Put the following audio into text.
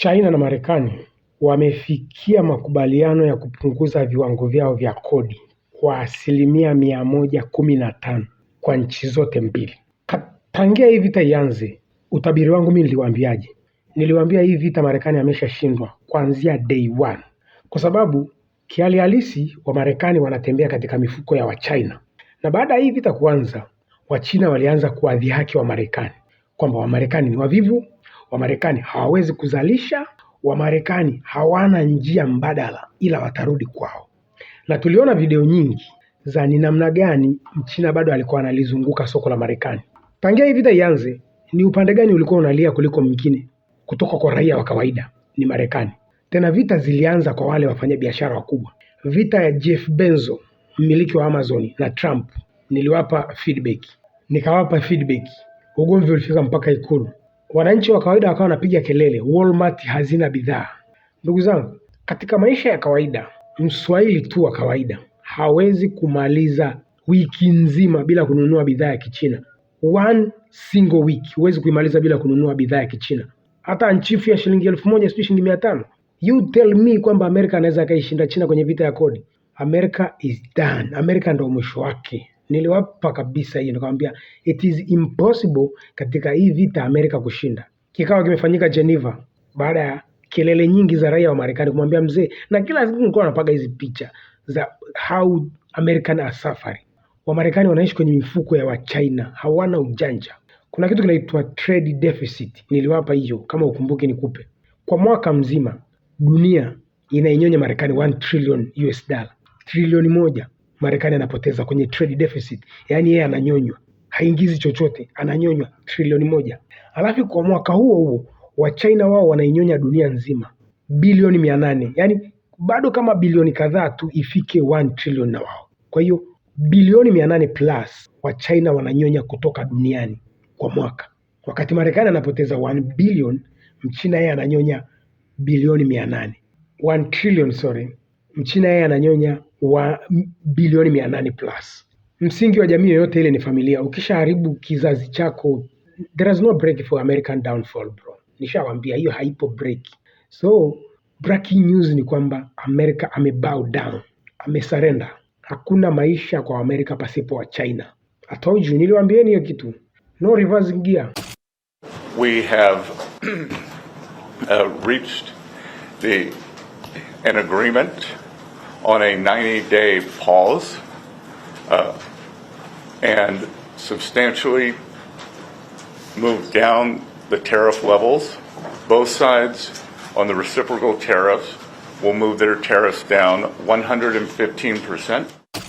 China na Marekani wamefikia makubaliano ya kupunguza viwango vyao vya kodi kwa asilimia mia moja kumi na tano kwa nchi zote mbili. Tangia hii vita ianze, utabiri wangu mimi niliwaambiaje? Niliwaambia hii vita Marekani ameshashindwa kuanzia day one, kwa sababu kihali halisi wa Marekani wanatembea katika mifuko ya Wachina, na baada ya hii vita kuanza, Wachina walianza kuwadhihaki Wamarekani kwamba Wamarekani ni wavivu, Wamarekani hawawezi kuzalisha, Wamarekani hawana njia mbadala ila watarudi kwao. Na tuliona video nyingi za ni namna gani Mchina bado alikuwa analizunguka soko la Marekani. Tangia hii vita ianze, ni upande gani ulikuwa unalia kuliko mwingine kutoka kwa raia wa kawaida? Ni Marekani. Tena vita zilianza kwa wale wafanyabiashara wakubwa. Vita ya Jeff Bezos, mmiliki wa Amazon na Trump, niliwapa feedback, nikawapa feedback. Ugomvi ulifika mpaka Ikulu wananchi wa kawaida wakawa wanapiga kelele Walmart hazina bidhaa. Ndugu zangu, katika maisha ya kawaida mswahili tu wa kawaida hawezi kumaliza wiki nzima bila kununua bidhaa ya Kichina. One single week huwezi kuimaliza bila kununua bidhaa ya Kichina, hata anchifu ya shilingi elfu moja sijui shilingi mia tano. You tell me kwamba Amerika anaweza akaishinda China kwenye vita ya kodi? America is done. Amerika ndio mwisho wake niliwapa kabisa hiyo, nikamwambia it is impossible katika hii vita Amerika kushinda. Kikao kimefanyika Geneva baada ya kelele nyingi za raia wa Marekani kumwambia mzee, na kila siku nilikuwa napaga hizi picha za how American are suffering. Wamarekani wanaishi kwenye mifuko ya Wachina, hawana ujanja. Kuna kitu kinaitwa trade deficit, niliwapa hiyo, kama ukumbuke nikupe. Kwa mwaka mzima dunia inainyonya Marekani 1 trillion US dollar, trilioni moja. Marekani anapoteza kwenye trade deficit, yaani yeye ananyonywa, haingizi chochote, ananyonywa trilioni moja. Alafu kwa mwaka huo huo wa China wao wanainyonya dunia nzima bilioni mia nane, yaani bado kama bilioni kadhaa tu ifike one trillion na wao. Kwa hiyo bilioni mia nane plus wa China wananyonya kutoka duniani kwa mwaka, wakati Marekani anapoteza one billion, mchina yeye ananyonya bilioni mia nane, one trillion sorry, mchina yeye ananyonya wa bilioni mia nane plus. Msingi wa jamii yoyote ile ni familia. Ukishaharibu kizazi chako, there is no break for American downfall bro. Nishawambia hiyo haipo break. So breaking news ni kwamba Amerika amebow down, amesarenda. Hakuna maisha kwa Amerika pasipo wa China. I told you, hiyo kitu. No reverse gear. We have uh, reached the an agreement on a 90-day pause uh, and substantially move down the tariff levels. Both sides on the reciprocal tariffs will move their tariffs down 115 percent.